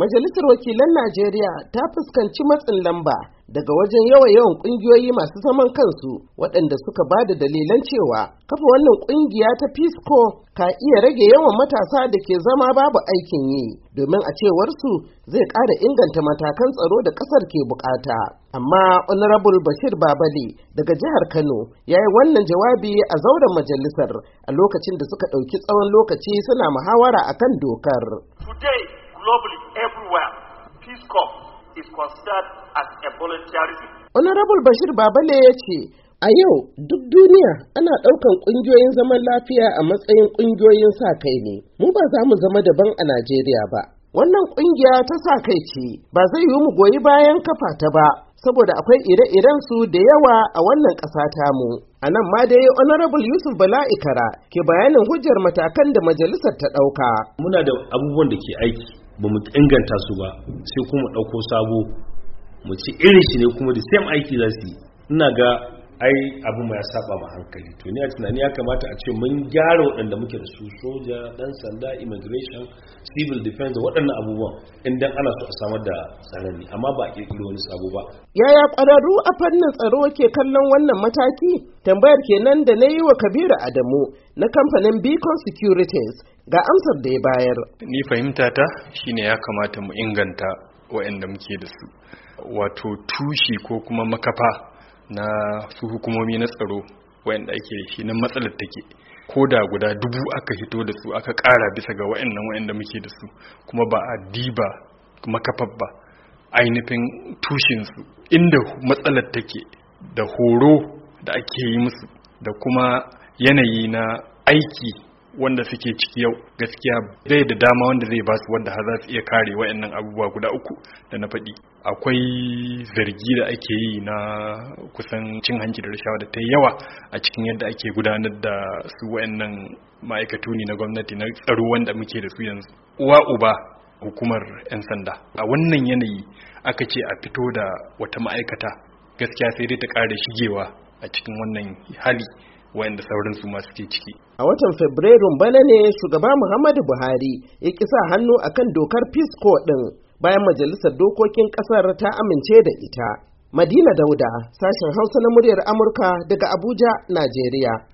Majalisar Wakilan Najeriya ta fuskanci matsin lamba daga wajen yawa-yawan ƙungiyoyi masu zaman kansu waɗanda suka ba da dalilan cewa kafa wannan ƙungiya ta fisko ka iya rage yawan matasa da ke zama babu aikin yi domin a cewarsu zai ƙara inganta matakan tsaro da ƙasar ke bukata. Amma Honorable Bashir Babali daga jihar Kano ya yi wannan jawabi a zauren majalisar a lokacin da suka ɗauki tsawon lokaci suna muhawara akan dokar. Today, globally, well. Peace Corps is considered as a voluntarism. Honorable Bashir Babale ya ce, A yau duk duniya ana ɗaukan ƙungiyoyin zaman lafiya a matsayin ƙungiyoyin sa kai ne, mu ba za mu zama daban a Najeriya ba. Wannan ƙungiya ta sa kai ce, ba zai yiwu mu goyi bayan kafa ta ba, saboda akwai ire-iren su da yawa a wannan ƙasa tamu. A nan ma dai Honorable Yusuf Bala Ikara ke bayanin hujjar matakan da majalisar ta ɗauka. Muna da abubuwan da ke aiki ba mu inganta su ba sai kuma ɗauko sabo mu ci irin shi ne kuma da same aiki za su yi ina ga ai abin ma ya saba ma hankali to ni a tunani ya kamata a ce mun gyara waɗanda muke da su soja ɗan sanda immigration civil defense da waɗannan abubuwan idan ana so a samar da tsaron ne amma ba a ƙirƙiro wani sabo ba yaya ƙwararru a fannin tsaro ke kallon wannan mataki tambayar kenan da na yi wa kabiru adamu na kamfanin beacon securities ga amsar da ya bayar ni fahimta ta shine ya kamata mu inganta waɗanda muke da su wato tushe ko kuma makafa na su hukumomi na tsaro wayanda ake da shi nan matsalar take ko da guda dubu aka hito da su aka ƙara bisa ga wayannan wayanda muke da su kuma ba a diba makafar ba ainihin tushinsu inda matsalar take da horo da ake yi musu da kuma yanayi na aiki wanda suke ciki yau gaskiya bai da dama wanda zai basu wanda har za su iya kare wayannan abubuwa guda uku da na faɗi akwai zargi da ake yi na kusan cin hanci da rashawa da ta yawa a cikin yadda ake gudanar da su wayannan ma'aikatu ne na gwamnati na tsaro wanda muke da su yanzu uwa uba hukumar 'yan sanda a wannan yanayi aka ce a fito da wata ma'aikata gaskiya sai dai ta ƙara shigewa a cikin wannan hali wayanda sauran su ke ciki. A watan Fabrairun bana ne shugaba Muhammadu Buhari ya kisa hannu akan dokar Peace Corps ɗin bayan majalisar dokokin ƙasar ta amince da ita. Madina Dauda, sashen Hausa na muryar Amurka daga Abuja, Najeriya.